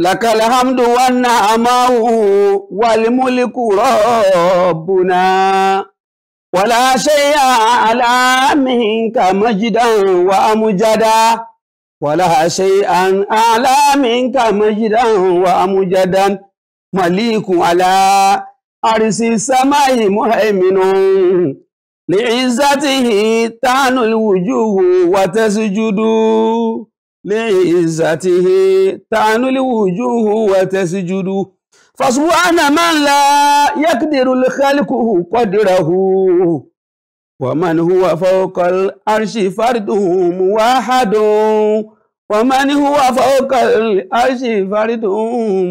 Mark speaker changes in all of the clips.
Speaker 1: lakal hamdu wa na'amahu wal mulku rabbuna wala shay'a ala minka majdan wa amjada wala shay'an ala minka majdan wa amjadan maliku ala arsi samai muhaiminun li'izzatihi tanul wujuhu wa tasjudu لعزته تعن الوجوه وتسجد فسبحان من لا يقدر الخلق قدره ومن هو فوق العرش فرده موحد ومن هو فوق العرش فرده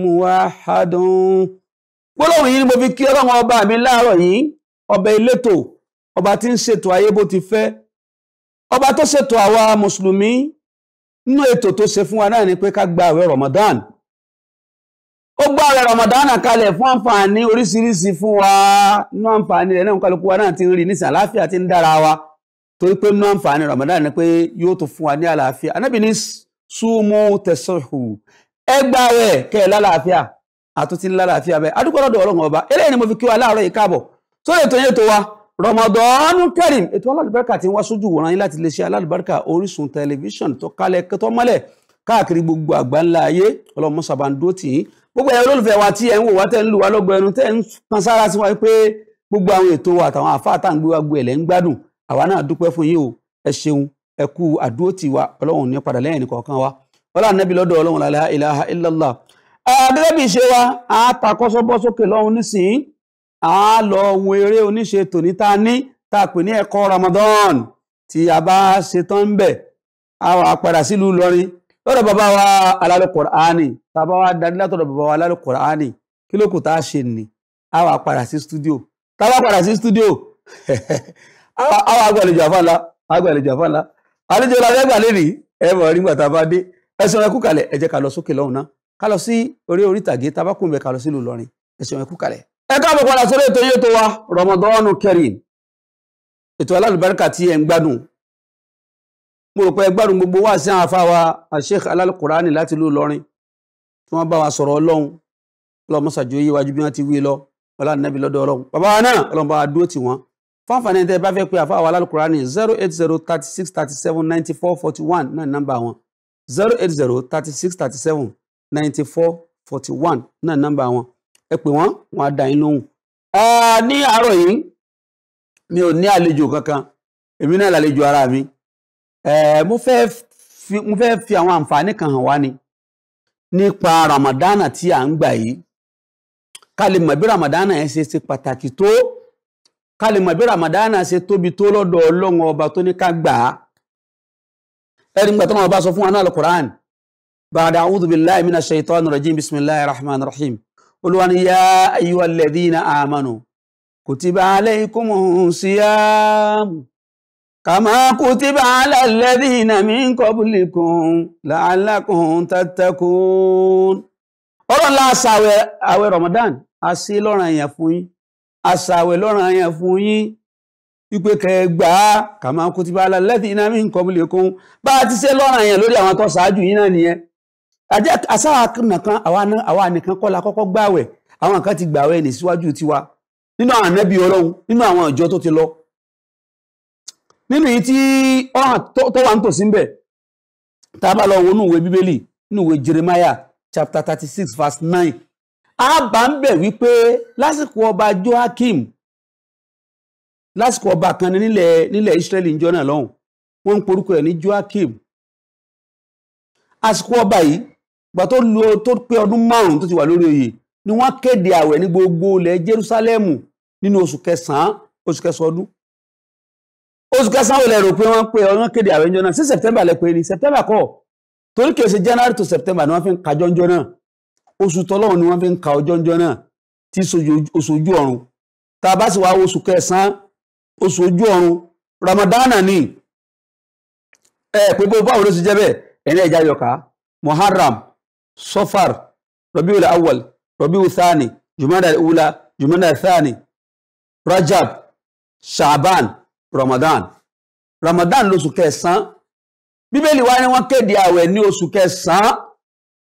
Speaker 1: موحد gbólóhùn yìí ni mo fi kí ọlọ́run ọba mi láàárọ̀ yìí ọba elétò ọba tí ń ṣètò ayé bó ti fẹ́ ọba tó ṣètò àwa mùsùlùmí nínú ètò tó ṣe fún wa náà ni pé ká gba àwẹ̀ Ramadan ó gba àwẹ̀ Ramadan kalẹ̀ fún àǹfààní oríṣiríṣi fún wa nínú àǹfààní rẹ̀ náà kálukú wa náà ti ń rí ti ń dára wa torí pé nínú àǹfààní Ramadan ni pé yóò tó fún wa ní àlàáfíà anábì ní súnmú tẹsánhù ẹ gba àwẹ̀ kẹ́ ẹ lálàáfíà àtúntí ńlá bẹ́ẹ̀ adúgbò Ọlọ́run ọba eléyìí ni mo fi wa rọmọdọ́nù kẹrin ètò alálùbáríkà tí wọ́n sójú wòran yín láti lè ṣe alálùbáríkà orísun tẹlifíṣàn tó kálẹ̀ tó mọ́lẹ̀ káàkiri gbogbo àgbáńlá ayé ọlọ́mọ sàbàǹdó tì í gbogbo ẹ̀yọ́ olólùfẹ́ wa tí ẹ̀ ń wò wá tẹ́ ń lù wá lọ́gbọ̀ ẹnu tẹ́ ń kan sára sí wa pé gbogbo àwọn ètò wa àtàwọn àfa àtàǹgbé wa gbé ẹ̀lẹ́ ń gbádùn àwa náà dúpẹ́ fún o ẹ ṣeun ẹ kú àdúró tì wa ọlọ́run ní padà lẹ́yìn nìkọ̀ọ̀kan wa ọlọ́run nẹ́bí lọ́dọ̀ ọlọ́run làlá ilaha illallah. àdébẹ́bí ṣe wa àtakọ́sọ́bọ́sókè lọ́run nísìnyí a lọ wo eré oníṣe tòní tá a ní tá pè ní ẹ̀kọ́ Ramadan tí a bá ṣetán ń bẹ̀ a wà padà sílùú Ìlọrin lọ́dọ̀ bàbá wa alálẹ̀ Kùránì tàbá wa darí látọ̀dọ̀ bàbá wa alálẹ̀ Kùránì kí ló kù tá a ṣe nì a wà padà sí stúdíò tá a wà padà sí stúdíò a wà gbàlejò àfànlá a gbàlejò àfànlá
Speaker 2: àlejò làwọn ẹgbàá lè
Speaker 1: rí ẹ mọ̀ nígbà tá a bá dé ẹsùn ẹkú kalẹ̀ ẹ jẹ́ ká lọ sókè lọ́hùn náà ká lọ sí orí orí ìtàgé tabakùnbẹ ká lọ sílùú Ìlọrin ẹsùn ẹkú kalẹ̀ ẹ káàbọ̀ padà sórí ètò yìí tó wa Ramadan Kareem ètò alálùbáríkà tí ẹ ń gbádùn mo rò pé ẹ gbádùn gbogbo wá sí àfa wa Sheikh Al-Qur'ani láti ìlú Ìlọrin tí wọ́n bá wa sọ̀rọ̀ Ọlọ́run Ọlọ́run mọ́sàájú yé wájú bí wọ́n ti wí lọ ọlá nàbí lọ́dọ̀ bàbá wa náà Ọlọ́run wa dúró tì wọ́n fáfàní bá fẹ́ pé àfa wa al zero eight zero thirty six thirty seven ninety four forty one náà nọ́mbà wọn zero eight zero thirty six thirty seven ninety four forty one náà nọ́mbà wọn ẹ pè wọ́n wọ́n á dá yín lóhùn. ní àárọ̀ yìí mi ò ní àlejò kankan èmi náà lálejò ara mi mo fẹ́ fi mo fẹ́ fi àwọn àǹfààní kan hàn wá ni nípa ramadana tí à ń gbà yìí ká lè mọ̀ bí ramadana yẹn ṣe ṣe pàtàkì tó ká lè mọ̀ bí ramadana ṣe tóbi tó lọ́dọ̀ ọlọ́run ọba tó ní ká gbà á ẹni gbà náà ọba sọ fún wa náà lọ Quran bàdà a'udhu billahi minash shaitanir rajim bismillahir rahmanir rahim olúwa ni yá ayíwá lẹ́dínà àmánù kutiba alaykumu siyamu kàmá kutiba ala lẹ́dínà min qablikum la'allakum tattaqun ọ̀rọ̀ ńlá àṣàwẹ̀ àwẹ̀ Ramadan a sí lọ́ranyàn fún yín àṣàwẹ̀ lọ́ranyàn fún yín wípé kẹgbà kàmá kutiba ala lẹ́dínà min qablikum bá a ti ṣe lọ́ranyàn lórí àwọn tó ṣáájú yín náà nìyẹn àsáwà nìkan àwa nìkan kọ́ la kọ́kọ́ gbàwẹ̀ àwọn kan ti gbàwẹ̀ ní síwájú tiwa nínú àwọn ànábì ọlọ́run nínú àwọn ìjọ tó ti lọ nínú yìí tí ọ̀hàn tó wà nítòsí ń bẹ̀ tá a bá lọ wọnú ìwé bíbélì nínú ìwé Jeremiah chapter thirty six verse nine a bá ń bẹ̀ wípé lásìkò ọba Joachim lásìkò ọba kan nílẹ̀ nílẹ̀ Israeli ìjọ náà lọ́hùn wọ́n ń porúkọ ẹ̀ ní Joachim àsìkò ọba yìí gbà tó lo tó pé ọdún márùn-ún tó ti wà lórí oyè ni wọ́n kéde àwẹ̀ ní gbogbo ilẹ̀ Jerúsálẹ́mù nínú oṣù kẹsàn-án oṣù kẹsàn ọdún oṣù kẹsàn-án olè rò pé wọ́n pé wọ́n kéde àwẹ̀ ńjọ náà sí September lẹ ni September kọ́ torí kìí ṣe January to September ni wọ́n fi ń ka jọ́njọ́ náà oṣù tọ́lọ́run ni wọ́n fi ń ka ọjọ́njọ́ náà tí oṣù ojú ọ̀run tá a bá sì wá oṣù kẹsàn-án oṣù ojú ọ̀run Ramadana ni ẹ báwo ló ṣe jẹ́ bẹ́ẹ̀ ẹ̀rín صفر ربيع الأول ربيع الثاني جمادى الأولى جمادى الثاني رجب شعبان رمضان رمضان lóṣù kẹsàn-án bíbélì wa ni wọ́n kéde àwẹ̀ ní oṣù kẹsàn-án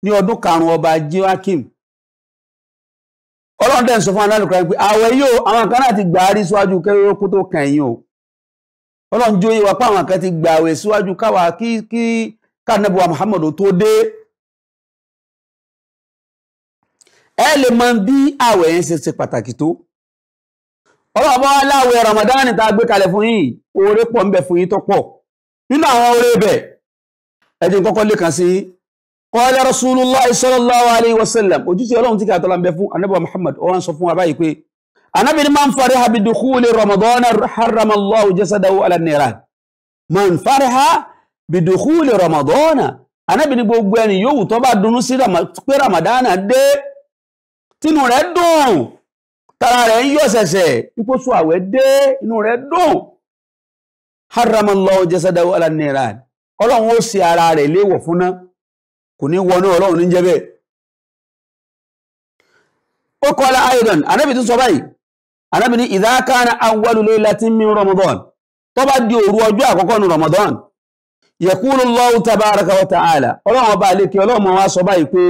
Speaker 1: ní ọdún karùn-ún ọba joachim ọlọ́run dẹ̀ ń sọ fún alálùkọ́ pé àwẹ̀ yóò àwọn kan láti gbà á rí síwájú kẹ́rọ́kú tó kẹ̀yìn o ọlọ́run jóye wa pé àwọn kan ti gbà àwẹ̀ síwájú káwa kí kí káàdínàbọ̀wá muhammadu tó dé ẹ lè mọ bí àwẹ̀ yẹn ṣe ṣe pàtàkì tó
Speaker 2: ọlọ́ọ̀bọ́ aláwẹ̀ Ramadan tá
Speaker 1: a gbé kalẹ̀ fún yín oore pọ̀ ń bẹ fún yín tó pọ̀ nínú àwọn oore bẹ̀ ẹ jẹ́ kọ́kọ́ lè kàn sí qala Rasulullah sallallahu alayhi wa sallam ojúṣe ọlọ́run tí kí àtọ́lá ń bẹ fún anábọ̀ Muhammad ọ̀rán sọ fún wa báyìí pé anábì ni man fariha bi dukhuli Ramadan harramallahu jasadahu ala niran man fariha bi dukhuli Ramadan anábì ni gbogbo ẹni yóò wù tó bá dunú sí pé Ramadan dé tinú rẹ̀ dùn tara rẹ̀ ń yọ̀ ṣẹ̀ṣẹ̀ ipòsù àwẹ̀ dé inú rẹ̀ dùn haramallahu jasadahu ala niran ọlọ́run ó ṣe ara rẹ̀ léèwọ̀ fúnná kò ní wọnú ọlọ́run ní jẹ́bẹ̀ ó kọ́lá aydan anábì tún sọ báyìí anábì ní idha kana awwalu laylatin ramadan tó bá di òru ọjọ́ àkọ́kọ́ ní ramadan yaqulu Allahu tabaraka ta'ala ọlọ́run ọba àlekè ọlọ́run wa sọ báyìí pé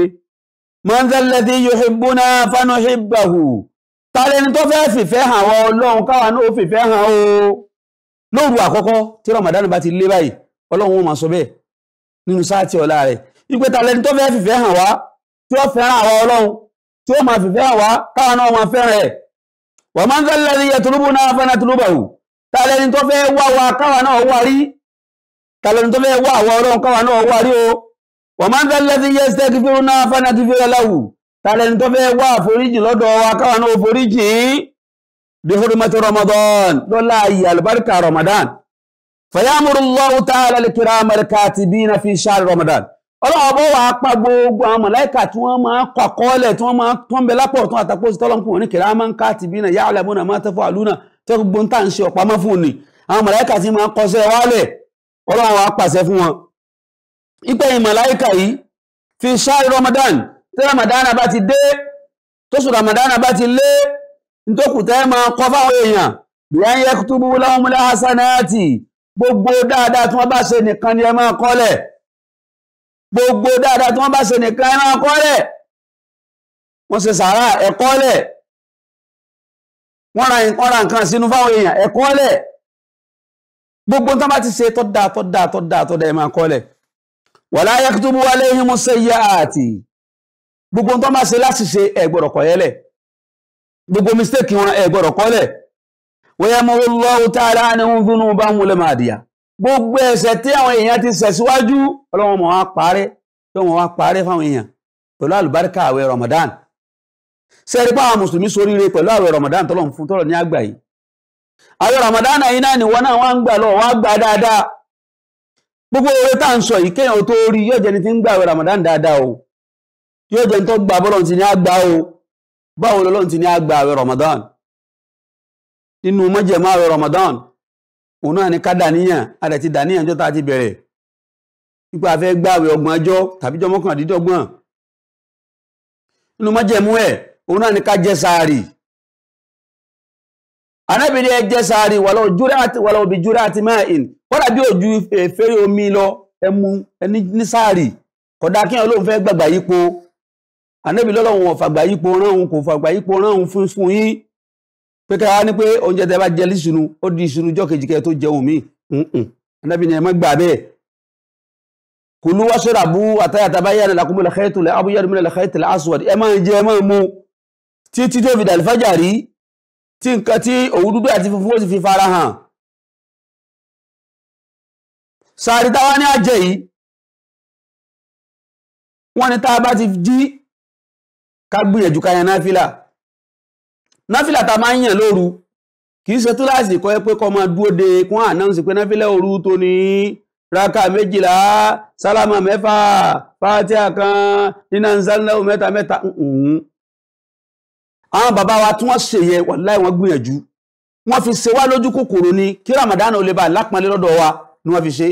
Speaker 1: man dha alladhi yuhibbuna fanuhibbahu tààrẹ ẹni tó fẹ́ fìfẹ́ hàn o lóru àkọ́kọ́ tí Ramadan bá ti lé báyìí ọlọ́run ninu máa sọ ola nínú sáàtì ọ̀la rẹ̀ ìpè tààrẹ ẹni wa man dha alladhi yatlubuna fanatlubahu wa n'o o wọ́n máa ń tẹ́lẹ̀ tí yẹ́ sẹ́kì fún náà fánà ti fi ọlọ́wù tààrẹni tó fẹ́ wá àforíjì lọ́dọ̀ wa káwọn náà foríjì bí hurmati Ramadan lọ́la ayé albarka Ramadan fayamuru Allahu ta'ala gbogbo àwọn mọ̀láìkà tí wọ́n máa ń kọ̀kọ́lẹ̀ tí wọ́n máa ń lápọ̀ tó àtàkó sí tọ́lọ́mù wọn ní kíra amẹ́ríkà ti bí na yá àlẹ́mú na máa tẹ́fọ́ àlú náà gbogbo ń tà ń ṣe ọ̀pá mọ́ fún ni àwọn mọ̀láìkà ti máa ń kọsẹ̀ wálẹ̀ ọlọ́wọ́ wàá pàṣẹ fún wọn ìpẹ̀yìn màláíkà yi fi ṣáàrí Ramadan tí Ramadan bá ti dé tóṣù Ramadan bá ti lé nítòkùtẹ́ máa kọ́ fáwọn èèyàn bí wọ́n yẹ tó bú gbogbo dáadáa tí wọ́n bá ṣe nìkan ni gbogbo dáadáa tí wọ́n bá ṣe nìkan ẹ máa kọ́lẹ̀ wọ́n ṣe sàárà ẹ kọ́lẹ̀ wọ́n ra nǹkan sínú fáwọn ẹ kọ́lẹ̀ gbogbo bá ti ṣe tọ́da tọ́da wàlá yakutubu aléhìn mú sẹ́yà àti gbogbo tó máa ṣe láti ṣe ẹgbọ̀rọ̀ kọ̀yẹ́lẹ̀ gbogbo mistake wọn ẹgbọ̀rọ̀ kọ́lẹ̀ wọ́yẹ́ mọ́ lọ́wọ́ tààrà ní ń dúnú bá ń wọlé máa dìyà gbogbo ẹ̀ṣẹ̀ tí àwọn èèyàn ti ṣẹ̀ síwájú ọlọ́wọ́n mọ̀ wá parẹ́ tí wọ́n wá parẹ́ fáwọn èèyàn pẹ̀lú àlùbáríkà àwẹ̀ Ramadan sẹ́rí pa àwọn mùsùlùmí soríire pẹ̀lú àwẹ̀ Ramadan tọ́lọ̀ fún tọ́lọ̀ ní àgbà yìí àwẹ̀ Ramadan yìí ni wọ́n náà wá ń gbà lọ́wọ́ wá gbà dáadáa gbogbo oore tá à ń sọ yìí kéèyàn tó rí yóò jẹni tí ń gbà àwẹ̀ Ramadan dáadáa o yóò jẹni tó gbà bọ́lọ̀ ti ní àgbà o báwo lọ́lọ́run ti ní àgbà àwẹ̀ Ramadan nínú mọ́jẹ̀mọ́ àwẹ̀ Ramadan òun náà ni ká dàníyàn a dẹ̀ ti dàníyàn jọ́ta ti bẹ̀rẹ̀ nípa a fẹ́ gbà àwẹ̀ ọgbọ̀n ọjọ́ tàbí jọmọ́kàndínlọ́gbọ̀n nínú mọ́jẹ̀mú ẹ̀ òun náà ni ká jẹ sàárì anábìrin ẹjẹ sáré wà lọ́wọ́ júrẹ́ àti wà lọ́wọ́ bí júrẹ́ àti máa ìn kọ́dà bí ojú fèrè omi lọ ẹmu ẹni ní sáré kọ̀dá kí ọlọ́run fẹ́ gbàgbà yípo anábì lọ́lọ́run ọ̀fàgbà yípo ránun kò fàgbà yípo ránun fún fún yín pé ká ní pé oúnjẹ tẹ bá jẹ lísìnú ó di ìsinú jọ kejì kẹ tó jẹun mi anábì ni ẹ má gbà bẹ́ẹ̀ kulu washrabu àtàyàtàbáyà lakumul khaytul abyad minal khaytil aswad ẹ máa jẹ ẹ máa mu títí tí nǹkan tí òwú dúdú àti funfun ó sì fi fara hàn sàárì táwa ní àjẹ yìí wọ́n ní tá a bá ti jí ká gbìyànjú ká yan náfìlà náfìlà tá máa ń yàn lóru kì í ṣe túláàsì kọ́ pé kọ́ máa dúró de kún ànáùnsì pé náfìlà òru tó ní raka méjìlá sálámà mẹ́fà fátíà kan nínà ń sálẹ́ mẹ́ta mẹ́ta àwọn bàbá wa tí wọ́n ṣe yẹ wàláì wọ́n gbìyànjú wọ́n fi ṣe wá lójú kòkòrò ni kí Ramadan ò lè bá lápọnlé lọ́dọ̀ wa ni wọ́n fi ṣe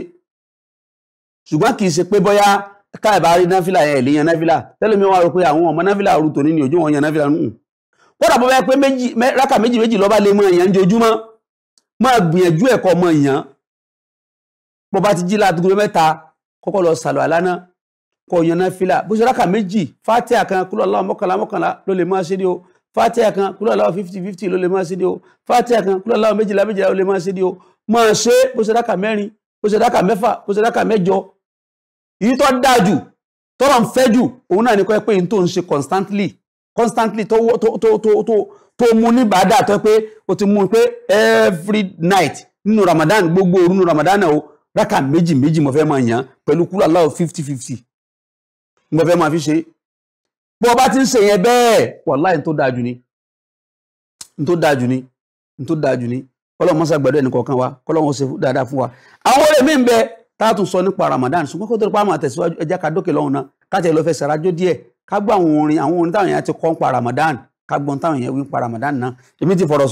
Speaker 1: ṣùgbọ́n kì í ṣe pé bóyá káàbà rí náfìlà yẹn ìlú yan náfìlà tẹ́lẹ̀mí wọn rò pé àwọn ọmọ náfìlà òru tòní ni òjò wọn yan náfìlà nù kódà bọ́ bẹ́ẹ̀ pé rákà méjì méjì lọ́ba lè mọ èèyàn jojúmọ́ máa gbìyànjú ẹ̀kọ́ ọmọ èèyàn bọ́ bá ti jí láàdúgbò mẹ́ta kọ́kọ́ lọ sàlọ̀ àlánà kọ́ yan náfìlà bó ṣe rákà méjì fátì àkàn kúlọ̀ láwọn mọ́kànlá mọ́kànlá ló lè máa ṣe ní o fatiha kan kúlọ̀ aláwọ̀ fifty fifty ló lè máa ṣe dé o fatiha kan kúlọ̀ aláwọ̀ méjìlá méjìlá ló lè máa ṣe dé o máa ṣe bó ṣe dáka mẹ́rin bó ṣe dáka mẹ́fà bó ṣe dáka mẹ́jọ èyí tó dáa jù tọ́rọ̀ ń fẹ́ jù òun náà ni kọ́ pé n tó ń ṣe constantly constantly tó tó tó tó tó mú ní bàdà tó pé o ti mú pé every night nínú Ramadan gbogbo òru nínú Ramadan náà o dáka méjì méjì mo fẹ́ máa yàn pẹ̀lú kúlọ̀ aláwọ̀ fifty fifty mo fẹ́ máa fi ṣe bó o bá ti ń se yẹn bẹ́ẹ̀ wàláhì tó dáa ni tó dájú ni tó dáa ni kọ́lọ́ mọ́sá gbẹ̀dọ̀ ẹnì kọ̀ọ̀kan wa kọ́lọ́ wọn ṣe dáadáa fún wa àwọn olè mí ń bẹ táàtún sọ nípa Ramadan ṣùgbọ́n kó tó pa àwọn àtẹ̀síwájú ẹja ká dókè lọ́hùn náà káàtì ẹ̀ fẹ́ sàrájó díẹ̀ ká gbọ́ àwọn orin àwọn orin táwọn èèyàn ti kọ́ ń pa Ramadan ká gbọ́n táwọn èèyàn wí ń pa Ramadan náà èmi ti fọ̀rọ̀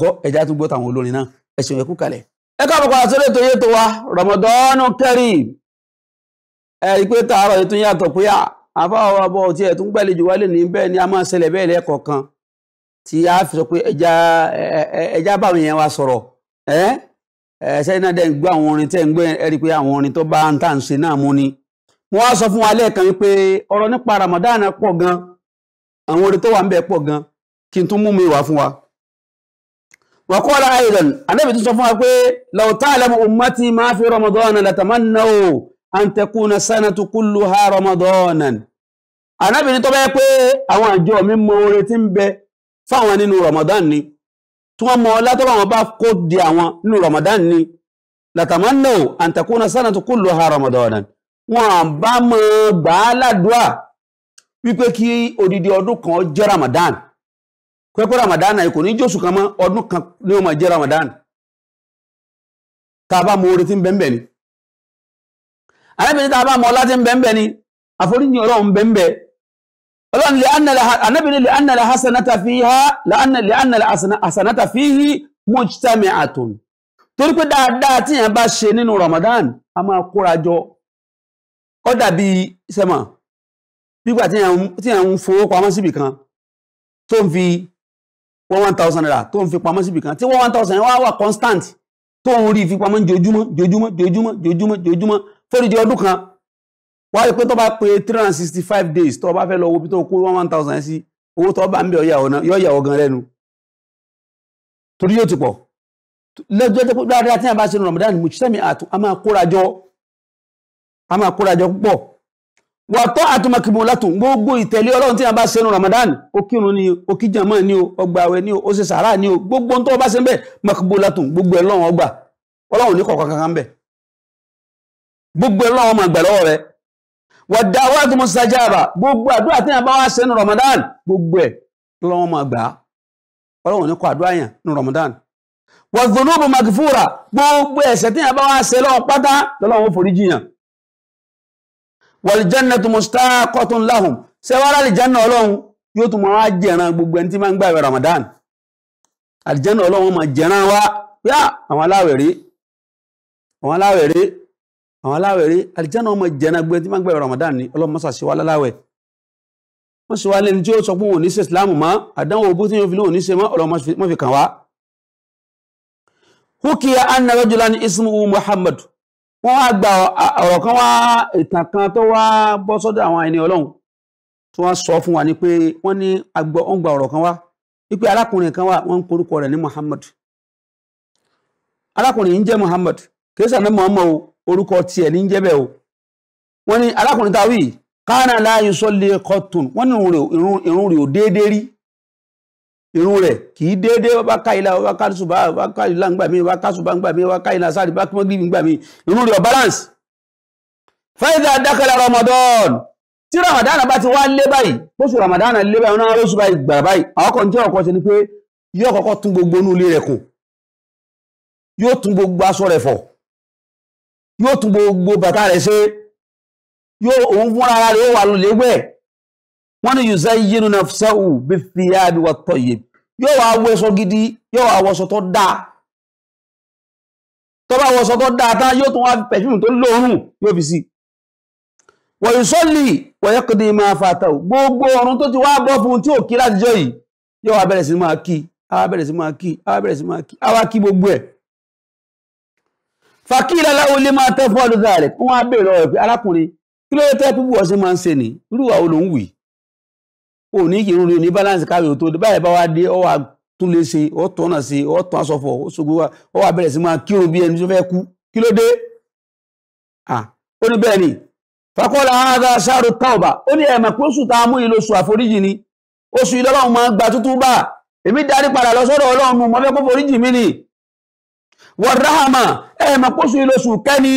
Speaker 1: sọ àfáwọ̀ ọbọ̀ tí ẹ̀ tún gbàlejò wálé ní bẹ́ẹ̀ ni a máa ṣẹlẹ̀ bẹ́ẹ̀ lẹ́ẹ̀kọ̀ọ̀kan tí a fi sọ pé ẹja báwọn yẹn wa sọ̀rọ̀ ẹ ẹ̀ṣẹ́ náà dẹ̀ ń gbọ́ àwọn orin tẹ́ ń pé àwọn orin tó bá ń tà ni. sọ fún wa lẹ́ẹ̀kan pé ọ̀rọ̀ nípa Ramadan pọ̀ gan àwọn orin tó wà ń bẹ̀ pọ̀ gan kí n fún wa. anábì tún sọ fún wa pé ma fi Ramadan an takuna sanatu kulluha ramadanan Ànábì ní tó bá pé àwọn àjọ mi mọ oore tí ń bẹ fáwọn nínú ramadan ni tí wọ́n mọ ọlá tó bá wọn bá kó di àwọn nínú ramadan ni latamanna an takuna sanatu kulluha ramadanan wọ́n bá mọ gbà á ládùúà wípé kí odidi ọdún kan jẹ́ ramadan pẹ́pẹ́ ramadan náà kò ní jóṣù kan mọ́ ọdún kan ni ó jẹ́ ramadan tá a bá mọ oore tí ń bẹ ń ni anábìnrin tá a bá mọ ọlá tí ń bẹ́ẹ̀ ni àforíjì ọlọ́run bẹ́ẹ̀ ọlọ́run anábìnrin lè ánàlẹ̀ hasanata fi ha lè ánàlẹ̀ hasanata fi hí mọ́jítàmì àtùn torí pé dáadáa tí yẹn bá ṣe nínú Ramadan a máa kóra jọ ó dàbí sẹ́mọ̀ nígbà tí yẹn ń fowó pamọ́ síbì kan tó ń fi one one thousand naira tó ń fi pamọ́ síbì kan tí one one thousand yẹn wá wà constant tó ń rí ìfipamọ́ jojúmọ́ jojúmọ́ jojúmọ́ jojúmọ́ jojúmọ́ fórídìí ọdún kan wá rí pé tó bá pé three hundred and sixty five days tó bá fẹ́ lọ wo bí tó kó one thousand sí owó tó bá ń bẹ yọ ìyàwó gan lẹ́nu torí yóò ti pọ̀ lẹ́jọ́ tó dáadáa tí a bá ṣe ní Ramadan mujtami àtún a máa kórajọ a máa kórajọ púpọ̀ wà tọ́ àtúmọ̀kìmọ̀ látún gbogbo ìtẹ̀lé Ọlọ́run tí a bá ṣe ní Ramadan ó kírun ni ó kí jàmọ́ ni ó ọgbà àwẹ̀ ni ó ó ṣe sàárà ni ó gbogbo tó bá ṣe ń bẹ̀ mọ̀kìmọ̀ látún gbogbo ẹ̀ lọ́wọ́n ọgbà Ọlọ́run ní kọ̀ọ̀kan kankan bẹ̀ gbogbo ẹ̀rọ ọmọ ìgbà lọ́wọ́ rẹ wàdà wà tó mọ sàjáàbà gbogbo àdúrà tí yàn bá wá ṣe ní Ramadan gbogbo ẹ̀ lọ́wọ́ ọmọ ìgbà ọlọ́wọ́ ní kọ àdúrà yàn ní Ramadan wàdùnúbù magfura gbogbo ẹ̀ṣẹ̀ tí yàn bá wá ṣe lọ́wọ́ pátá lọ́wọ́ foríjì yàn wàlìjánà tó mọ sàkọ́tún láhùn sẹ́wárà àlìjánà ọlọ́run yóò tún máa jẹ̀ràn gbogbo ẹni tí máa ń gbà ìwẹ̀ Ramadan àlìjánà ọlọ́run máa jẹ̀ràn wá yá àwọn aláwẹ̀ rí àwọn aláwẹ̀ rí àwọn aláwẹ̀ rí àlìjáná ọmọ ìjẹna gbé tí máa ń gbẹ̀rẹ̀ Ramadan ni ọlọ́mọ sàṣẹ wa láláwẹ̀ wọ́n sì wá lẹ́ni tí ó sọ pé òun ní ṣe Islam mọ́ àdánwò ogún tí yóò fi lóun ní ṣe mọ́ ọlọ́mọ fi kàn wá. hukiya Muhammad wọn wá gba ọ̀rọ̀ kan wá ìtàn kan tó wá bọ́ sọ́dọ̀ àwọn ẹni Ọlọ́run tí fún wa ni pé wọ́n ní agbọ́ ń gba ọ̀rọ̀ kan wá wípé arákùnrin kan wà wọ́n ń porúkọ rẹ̀ ní Muhammad arákùnrin yìí ń jẹ́ Muhammad orúkọ tiẹ̀ ní jẹ́bẹ̀ o wọ́n ní alákùnrin tàwí kánà láàyè sọ́lẹ̀ kọ́tùn wọ́n ní irun rẹ̀ ò déédé rí irun rẹ̀ kì í déédé bá ká ilá bá ká ṣùgbà bá ká ilá ń gbà mí bá ká ṣùgbà ń gbà mí bá ká ilá sáré bá kímọ́ gbìyànjú gbà mí irun rẹ̀ ò balance fẹ́ẹ́dà dákẹ́lá Ramadan tí Ramadan bá ti wá lé báyìí bóṣù Ramadan lé báyìí wọn náà lóṣù báyìí gbà báyìí àwọn kan tí wọn kọ ṣe ni pé yóò kọ́kọ́ tún gbogbo inú ilé rẹ̀ kù yóò tún gbogbo yóò tún gbogbo bàtà rẹ̀ ṣe yóò òun fúnra rẹ̀ wà lulẹ̀ wọ́n ní yùsẹ́ yínú na fẹ́hù bí fi yáàbí wà tọ̀ yé yóò wá wọṣọ gidi yóò wá wọṣọ tó dáa tó bá wọṣọ tó dáa tán yóò tún wá fi pẹ̀fíìmù tó lóòrùn yóò fi sí wọ́n yìí sọ́lì wọ́n yẹ kéde máa fa àtàwọ̀ gbogbo ọ̀run tó ti wá bọ́ fún tí ò kí látijọ́ yìí yóò wá bẹ̀rẹ̀ sí máa kí á bẹ̀rẹ̀ sí máa kí á bẹ̀rẹ̀ sí máa kí á wá kí gbogbo ẹ̀ fàkílẹ̀ láwọn olè máa tẹ́ fọ́ọ̀lù zàrẹ̀ wọ́n á bèèrè ọ̀rẹ́ pé arákùnrin kí ló tẹ́ púpù ọ̀sẹ̀ máa ń ṣe ní irúwà wo ló ń wì ó ní kí irun ní balance káwé tó báyìí bá wá dé ọ wà tún lè ṣe ọ tọ́ náà ṣe ọ tọ́ aṣọfọ̀ ó ṣògbó wa ọ wà bẹ̀rẹ̀ sí máa kírun bí ẹni tó fẹ́ kú kí ló dé ó ní bẹ́ẹ̀ ni fakọ́lá ara ṣáàrù tàọ̀bà ó ní ẹ̀mọ̀ pé oṣù tàà mú ìlò oṣù ni wàráhàmà ẹ̀mà pọ́sù ilóṣù kẹni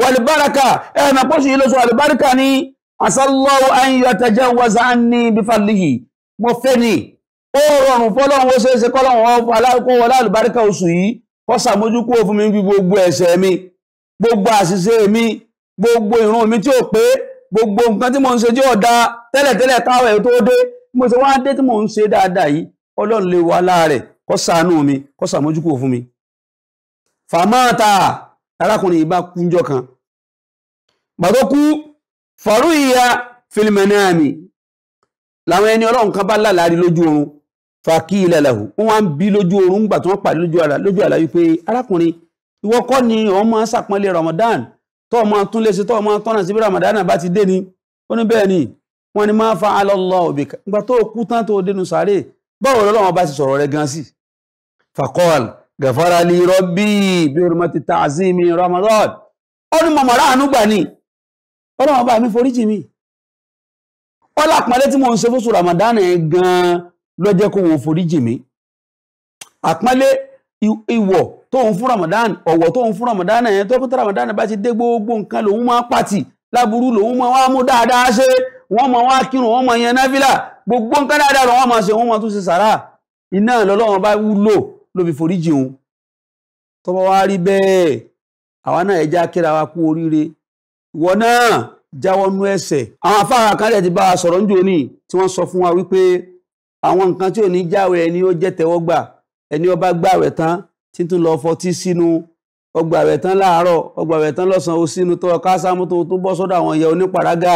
Speaker 1: wàlìbáraka ẹ̀mà pọ́sù ilóṣù àlìbáríkà ní asálọ́wọ́ ayíyọ tẹjẹ ní mo ni ó rọrùn fọ́lọ́run ó ṣeéṣe kọ́lọ́run ọkọ̀ aláàlùbáríkà oṣù yìí kó ṣàmójúkú fún mi bí gbogbo ẹ̀ṣẹ̀ mi gbogbo àṣìṣe mi gbogbo mi gbogbo mo mo mo mi famata arákùnrin yìí bá kan gbàtó kú fọ̀rú ìyá fílmẹ̀nàmì làwọn ẹni ọlọ́run kan ba lálàárí loju oorun fàkí ilẹ̀ làwù wọ́n wá bi bí oorun gbà tí wọ́n pàdé alayi pe arakunrin arákùnrin ni òun Ramadan tó ọmọ tun lè ṣe tó ọmọ tọ́nà sí bí Ramadan bá ti ni ó ní ni ni fa alọ́lọ́ òbí to denu gan gàfàrà lè rọ́bí bí orúmọ ti ta àzí mi Ramadan ọdún mọ̀mọ̀rá àánú gbà ní ọlọ́run bá mi foríjì mi ọlá àpọ́nlé tí mo ń ṣe fóṣù Ramadan gan ló jẹ́ kó wọn foríjì mi àpọ́nlé ìwọ̀ tó ń fún Ramadan ọ̀wọ̀ tó ń fún Ramadan yẹn tó kúta Ramadan bá ti dé gbogbo nǹkan lòun máa pàtì láburú lòun máa wá mú dáadáa ṣe wọ́n máa wá kírun wọ́n máa yan náfìlà gbogbo nǹkan dáadáa lọ́wọ́ máa ṣe wọ́n máa tún ṣe sàrà iná lọ́lọ́run bá wúlò ló fi foríjì òun tó bá wá rí bẹ́ẹ̀ àwa náà ẹ já kíra wa kú oríire ìwọ náà jáwọ́ nú ẹ̀ṣẹ̀ àwọn afárá kan lè ti bá a sọ̀rọ̀ níjò ní tí wọ́n sọ fún wa wípé àwọn nǹkan tí ò ní jáwé ẹni ó jẹ́ tẹ́wọ́gbà ẹni ó bá tán tí tún lọ fọtí sínú ó gbààwẹ̀ tán láàárọ̀ ó gbààwẹ̀ tán lọ́sàn ó sínú tó ọká sámú tó bọ́ sọ́dọ̀ àwọn ìyá onípàrágà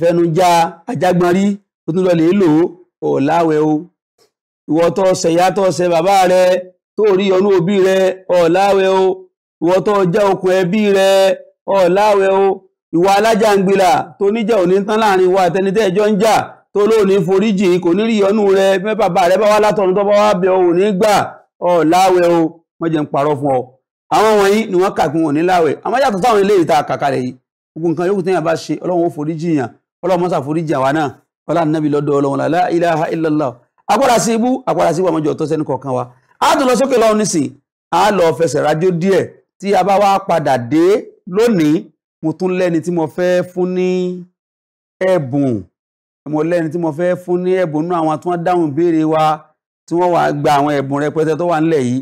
Speaker 1: fẹnu já ajágbọ́n rí ó tún lọ lè lò ó láwẹ̀ o ìwọ tó ṣe ìyá tó ṣe bàbá rẹ tó rí ọnú òbí rẹ ọ̀láwẹ̀ o ìwọ tó jẹ́ okùn ẹbí rẹ ọ̀láwẹ̀ o ìwà alájàngbìlà tó níjà òní tán láàrin wa àtẹnitẹ́ ẹjọ́ ń jà tó lóòní foríjì kò ní rí ọnú rẹ pé bàbá rẹ bá wá látọ̀run tó bá wá bẹ ò ní gbà ọ̀láwẹ̀ o wọ́n jẹ́ ń parọ́ fún ọ àwọn wọ̀nyí ni wọ́n kàkún òní láwẹ̀ àmọ́ yàtọ̀ táwọn ilé ìta kàkàlẹ̀ yìí gbogbo nǹkan yókù téèyàn bá ṣe ọlọ́run ó foríjì yàn ọlọ́run mọ́sà foríjì àwa náà ọlọ́run nábì lọ́dọ̀ ọlọ́run la ilaha illallah agbára sí ibú agbára sí ìwàmọ́jọ tó sẹ́ni kọ̀ọ̀kan wa a tún lọ sókè lọ́wọ́ nísìn a lọ fẹsẹ̀ rájò díẹ̀ tí a bá wá padà dé lónìí mo tún lẹ́ni tí mo fẹ́ fún ní ẹ̀bùn mo lẹ́ni tí mo fẹ́ fún ní ẹ̀bùn nínú àwọn tí wọ́n dáhùn ìbéèrè wa tí wọ́n wá gba àwọn ẹ̀bùn rẹpẹtẹ tó wà nílẹ̀ yìí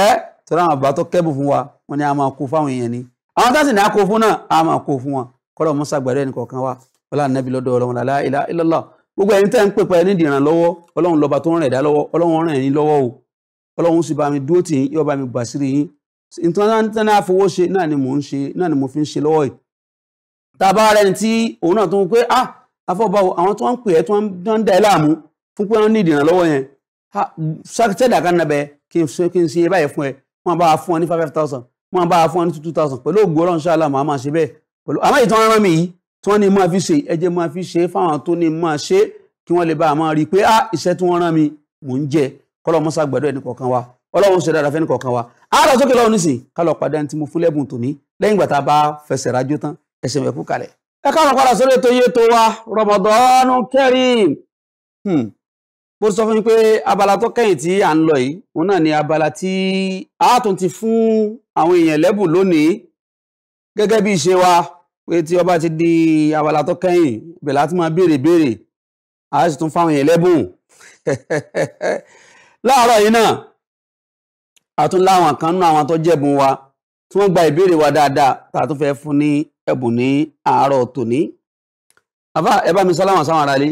Speaker 1: ẹ́ tọ́lá àwọn bàbá tó kẹ́bùn fún wa wọn ni a máa kó fáwọn èèyàn ni àwọn tá sì ní a kó fún náà a máa kó fún wọn kọ́lọ̀ mọ́sàgbàdo ẹnì kọ̀ọ̀kan wa wọlé ànábì lọ́dọ̀ ọlọ́run làlá ilá ilọ́lá gbogbo ẹni tẹ́ ń pè pa ẹni dìran lọ́wọ́ ọlọ́run lọ́ba tó ń rẹ̀ dá lọ́wọ́ ọlọ́run ràn yín lọ́wọ́ o ọlọ́run sì bá mi dúró tì yín yóò bá mi gbàsírí yín ìtàn náà fowó ṣe náà ni mò ń ṣe náà ni mo fi ń ṣe lọ́wọ́ yìí tá a bá rẹni tí òun náà tó ń pé ah afọ́báwo àwọn tó ń pè ẹ́ tó ń dá ẹ láàmú fún pé wọ́n ní ìdìran lọ́wọ́ yẹn sẹ́dà kan nàbẹ kí n ṣe báyìí fún ẹ wọ́n bá fún ọ ní five thousand wọ́n bá fún ọ ní mi tí wọ́n ní máa fi ṣe ẹjẹ́ máa fi ṣe fáwọn tó ní máa ṣe kí wọ́n lè bá a rí pé ah iṣẹ́ tí wọ́n rán mi mò ń jẹ kọ́lọ́ mọ́sá gbẹ̀dọ̀ ẹnì kọ̀ọ̀kan wa ọlọ́run ṣe dáadáa fẹ́ni kọ̀ọ̀kan wa á lọ sókè lọ́wọ́ nísìn ká lọ padà ní tí mo fún lẹ́bùn tòní lẹ́yìn ìgbà tá a bá fẹsẹ̀ rájó tán ẹsẹ̀ mẹ́kú kalẹ̀. ẹ káàmọ̀ padà sórí ètò iye tó wa Ramadan Kareem hmm. mo sọ fún yín pé abala tó kẹ́yìn tí à ń lọ yìí òun náà ni abala tí a tún ti fún àwọn èèyàn lẹ́bùn lónìí gẹ́gẹ́ bí ìṣe wa pé tí ọba ti di abala tó kẹ́yìn ibẹ̀ láti máa béèrè béèrè a sì tún fáwọn èèyàn lẹ́bùn láàárọ̀ yìí náà a tún láwọn kan nínú àwọn tó jẹ̀bùn wa tí wọ́n gba ìbéèrè wa dáadáa tá a tún fẹ́ fún ní ẹ̀bùn ní àárọ̀ tòní àbá ẹ bá mi sálámà sáwọn aráalé.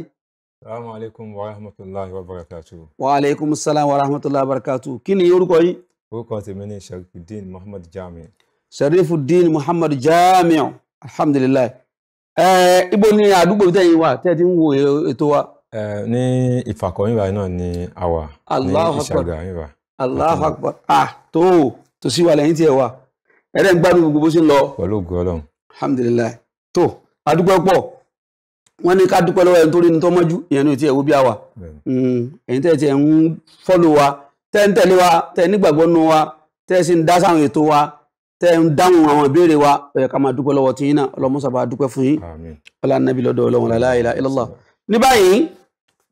Speaker 2: salaamu aleykum wa rahmatulahi wa barakatu.
Speaker 1: wa aleykum salaam wa rahmatulahi wa barakatu kí ni orúkọ yìí. orúkọ tèmi ni sharifuddin muhammad jamiu. sharifuddin muhammad jamiu alhamdulillah ẹ ibo ni àdúgbò tẹ̀yin wà tẹ́ ti ń wo ètò wa.
Speaker 2: ní ìfàkọ̀yìn báyìí náà ni àwa ní ìṣàgà yìí wà. Allahu Akbar
Speaker 1: ah tó tó sí wa lẹ́yìn tí ẹ wà ẹ̀rẹ́ ń gbádùn gbogbo bó ṣe ń lọ. pẹ̀lú ògùn ọlọ́run. alhamdulillah tó adúpẹ́ pọ̀ wọ́n ní ká dúpẹ́ lọ́wọ́ ẹni tó rí tọ́mọ́jú ìyẹn ní ò ẹ̀ wo bí a wà. Hmm, ẹ̀yin tẹ́ ẹ ti ń fọ́lù wa tẹ́ ń tẹ̀lé wa tẹ́ nígbàgbọ́ nù wa tẹ́ sì ń dá sáwọn ètò wa tẹ́ ń dáhùn àwọn ìbéèrè wa ó yẹ ká máa dúpẹ́ lọ́wọ́ tí yín náà ọlọ́mọ́sà dúpẹ́ fún yín ọlá lọ́dọ̀ ọlọ́run la ilaha illallah ní báyìí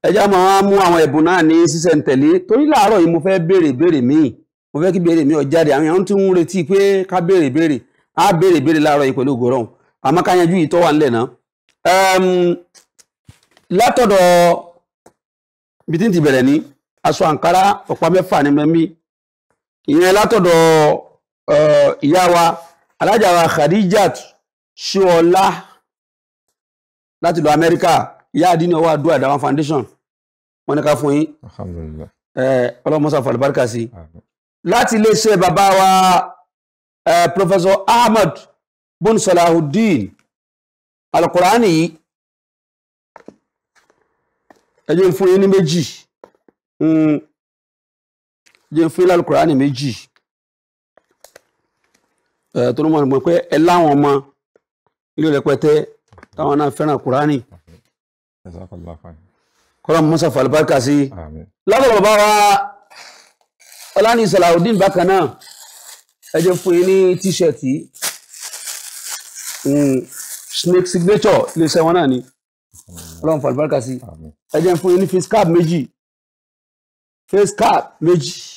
Speaker 1: ẹjá máa mú àwọn ẹ̀bùn náà ní sísẹ̀ǹtẹ̀lé torí láàárọ̀ yìí mo fẹ́ béèrè ìbéèrè míì mo fẹ́ kí béèrè míì ó jáde àwọn èèyàn tí ń retí pé ká béèrè ìbéèrè á béèrè ìbéèrè láàárọ̀ yìí pẹ̀lú ògòrò àmọ́ ká ìyá wa alájà wa Khadijat ṣéọlá láti ìlú Amẹ́ríkà ìyá àdínà wà dúà dáwọn foundation wọn ní ká fún yín ọlọ́mọsá fàlùbáríkà sí láti iléeṣẹ́ bàbá wa Professor Ahmad bun Salahuddin alukurani yìí ẹjẹ fún yín ní méjì hmm. ẹjẹ fún yín alukurani méjì tó ló mọ̀ pé ẹ láwọn ọmọ ilé rẹpẹtẹ táwọn náà fẹ́ràn kúránì kọ́lá musa falibarika sí lábọ̀ bàbá wa ọlání salawudeen bákan náà ẹ jẹ́ fún yín ní tíṣẹ̀tì hmm, snake signature iléeṣẹ́ wọn náà ni ọlọ́run falibarika sí ẹ jẹ́ fún yín ní face cap méjì face cap méjì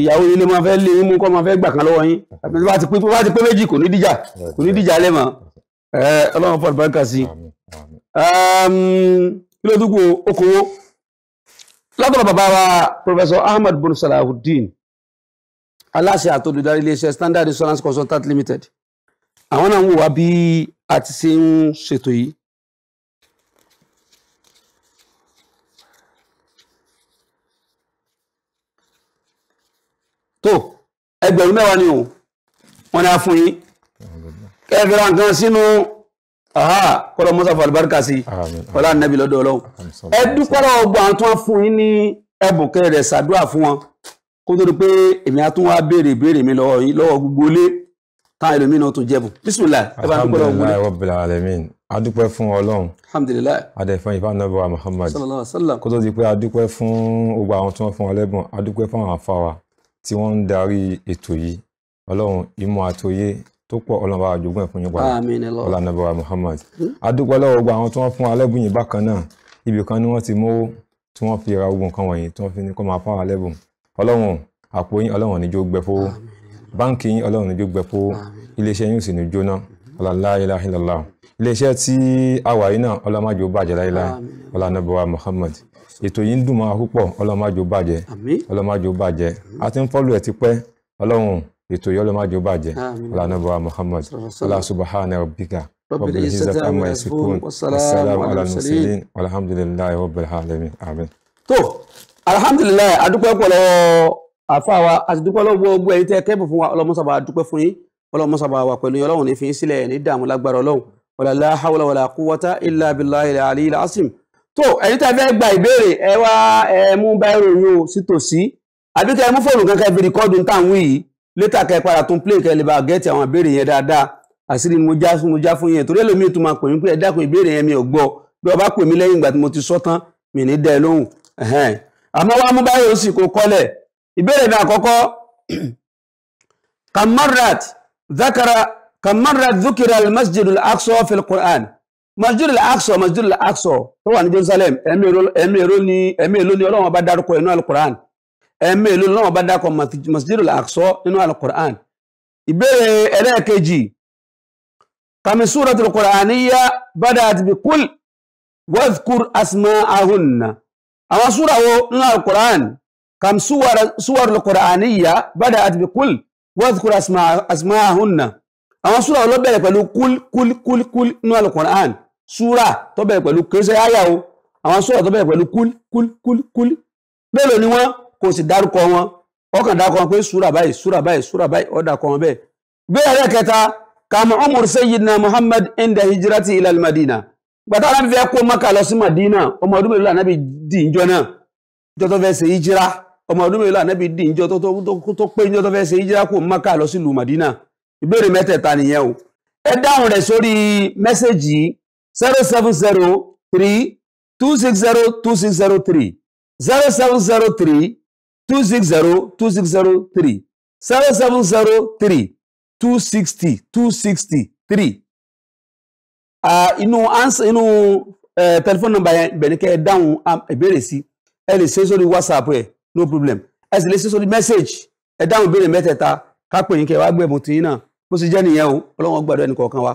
Speaker 1: ìyàwó ilé máa fẹ́ lé yín mú kọ́ máa fẹ́ gbà kan lọ́wọ́ yín tó bá ti pé tó bá ti pé méjì kò ní dìjà kò ní dìjà lẹ́mọ̀ ọlọ́run fọ́ọ̀dù bá ń sí. kí ló dúpọ̀ okòwò látọ̀rọ̀ bàbá wa Professor Ahmad bin Salahuddin aláṣẹ àtòlùdarí iléeṣẹ́ Standard Insurance Consultant Limited àwọn náà ń wò wá bí a ti ṣe ń ṣètò yìí tó ẹgbẹ̀rún mẹ́wàá ni o wọ́n ní a fún yín kẹfẹ́ ra nǹkan sínú kọ́lọ́ mọ́sá fún alibarika sí ọlá nẹ́bí lọ́dọ̀ ọlọ́run ẹ dúpẹ́ lọ́wọ́ gbọ́ àwọn tó wọ́n fún yín ní ẹ̀bùn kẹrẹ̀ rẹ̀ ṣàdúrà fún wọn kó tó di pé èmi á tún wá béèrè ìbéèrè mi lọ́wọ́ yín lọ́wọ́ gbogbo ilé táwọn ẹlòmíì náà tún jẹ́bùn bisimilayi ẹ bá dúpẹ́ lọ́wọ́ gbọ́dọ̀. alhamdulilayi
Speaker 2: rabbil alamin adúpẹ́ fún ọlọ́run alhamdulilayi adẹ̀fẹ́ ìfà nàbọ̀ wa muhammad sallallahu alaihi wasallam kó tó di pé adúpẹ́ fún gbogbo àwọn tó wọ́n fún ọlẹ́bùn adúpẹ́ fún àwọn afáwa tí wọ́n ń darí ètò yìí ọlọ́run ìmọ̀ àtòyé tó pọ̀ ọlọ́run bá jogún ẹ̀ fún yín padà ọlọ́run Muhammad hmm? adúpọ̀ lọ́wọ́ gba àwọn tí wọ́n fún alẹ́bùn yìí bákan náà ibì kan ni wọ́n ti mówó tí wọ́n fi ra ogun kan wọ̀nyí tí wọ́n fi ní kó máa fáwọn alẹ́bùn ọlọ́run àpò yín ọlọ́run níjó gbẹ fowó báńkì yín ọlọ́run níjó gbẹ fowó iléeṣẹ́ yín sì ní jóná hmm. ọlọ́run má jò bàjẹ́ láíláí Muhammad ètò yìí ń dùn mọ́ wa púpọ̀ ọlọ́màjò bàjẹ́ ọlọ́màjò bàjẹ́ a ti ń fọ́lù ẹ̀ tipẹ́ ọlọ́run ètò yìí ọlọ́màjò bàjẹ́ ọlànàbọ̀wá Muhammad ọlàṣubahana rabbika rabbil izzati amma yasifun wassalamu ala mursalin walhamdulillahi rabbil alamin amin. tó
Speaker 1: alhamdulilayi adúpẹ́ pọ̀ lọ́wọ́ àfa wa àti dúpẹ́ lọ́wọ́ gbogbo ẹ̀yin tẹ́ kẹ́bù fún wa ọlọ́mọsàbà dúpẹ́ fún yín ọlọ́mọsàbà wà pẹ̀lú yín ọlọ́run ní fi sílẹ̀ ní dààmú lágbára ọlọ́run wala la hawla wala quwwata illa billahi al-ali al-azim tó ẹ̀yin tẹ́ fẹ́ gba ìbéèrè ẹ wá ẹ mú báírò yín o sí tòsí àbí kẹ́ ẹ mú fóònù kankan fi rìkọ́dù ń tàn wí yìí létà kẹ́ ẹ padà tún plé kẹ́ ẹ lè bá gẹ́ẹ̀tì àwọn ìbéèrè yẹn dáadáa àṣírí ni mo já mo já fún yẹn torí ẹlòmíì tó máa pè mí pé ẹ dákun ìbéèrè yẹn mi ò gbọ́ bí ọba pè mí lẹ́yìn ìgbà tí mo ti sọ tán mi ní dẹ́ lóhùn àmọ́ wá mú báírò sì kó kọ́lẹ̀ ìbéèrè mi àkọ́kọ́ kamarat dhakara kamarat dhukira al-masjid al-aqsa fil quran masjidul aqsa masjidul aqsa tó wà ní jerusalem ẹ̀mí èló ni ẹ̀mí èló ni ọlọ́run bá dárúkọ inú alukur'an ẹ̀mí èló ni ọlọ́run bá dárúkọ masjidul aqsa inú alukur'an ìbéèrè ẹlẹ́ẹ̀kejì kàmi suratul qur'aniyya badat bi kul wadhkur asma'ahunna àwọn súra wo inú alukur'an kàmi suratul qur'aniyya badat bi kul wadhkur asma'ahunna àwọn súra wo ló bẹ̀rẹ̀ pẹ̀lú kul kul kul kul inú alukur'an súrà tó bẹ̀rẹ̀ pẹ̀lú kérésì àyà o àwọn súrà tó bẹ̀rẹ̀ pẹ̀lú kúl kúl kúl kúl mélòó ni wọ́n kò sì dárúkọ wọn ọkàn dárúkọ wọn pé súrà báyìí súrà báyìí súrà báyìí ọ̀dà kọ wọn bẹ́ẹ̀. bẹ́ẹ̀ rẹ̀ kẹta kàmú umar sayyidina muhammad inda hijrati ilal madina gbàtà alábi fẹ́ kó maka lọ sí madina ọmọ ọdún mélòó lànà bí dì í jọ náà ìjọ tó fẹ́ ṣe hijira ọmọ ọdún mélòó lànà bí dì í jọ tó pé ìjọ tó fẹ́ ṣe hijira kó maka lọ sí ìlú madina ìbéèrè mẹ́tẹ̀ẹ̀ta nìyẹn o ẹ dáhùn rẹ̀ sórí mẹ́sẹ̀gì yìí zero seven zero three two six zero two six zero three zero seven zero three two six zero two six zero three zero seven zero three two sixty two sixty three inú answer inú telephone number yẹn bẹ̀rẹ̀ kẹ́ ẹ dáhùn ìbéèrè sí whatsapp ẹ no problem ẹ sì lè message ẹ dáhùn ìbéèrè mẹ́tẹ̀ẹ̀ta ká pè yín kẹ́ ẹ wá gbẹ̀mù tì yín náà bó ṣe jẹ́ nìyẹn o ọlọ́run gbàdúrà ẹnì kọ̀ọ̀kan wa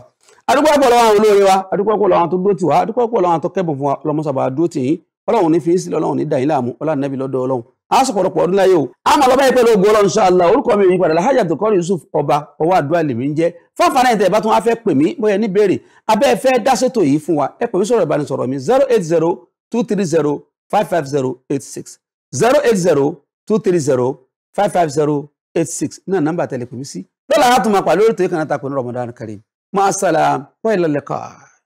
Speaker 1: adúpẹ́ pọ̀ lọ́wọ́ àwọn olóore wa adúpẹ́ pọ̀ lọ́wọ́ àwọn tó dúró tì wá adúpẹ́ pọ̀ lọ́wọ́ àwọn tó kẹ́bùn fún wa lọ́mọ́sàbà dúró tì yín ọlọ́run ní fíìsì ọlọ́run ní dàyín láàmú ọlọ́run nẹ́bí lọ́dọ̀ ọlọ́run a sọ pọ̀rọ̀pọ̀ ọdún láyé o a máa lọ báyìí pẹ̀lú ogun ọlọ́run ṣáàlà orúkọ mi yìí padà láhájà tó kọ́ Yusuf ọba ọwọ́ àdúrà lèmi ń jẹ́ fáfáná ìtẹ̀ ìbátan wa fẹ́ pè mí bóyá ní béèrè abẹ́ fẹ́ dáṣètò yìí fún wa ẹ pè mí sọ̀rọ̀ ìbánisọ̀rọ̀ mi zero eight zero two three zero five five zero eight six zero eight zero two three zero five five zero eight six náà nọ́mbà tẹ̀lé pè mí sí lọ́la àtúmọ̀ pàlórí tó yẹ kàn Ramadan Kareem مع السلامة وإلى اللقاء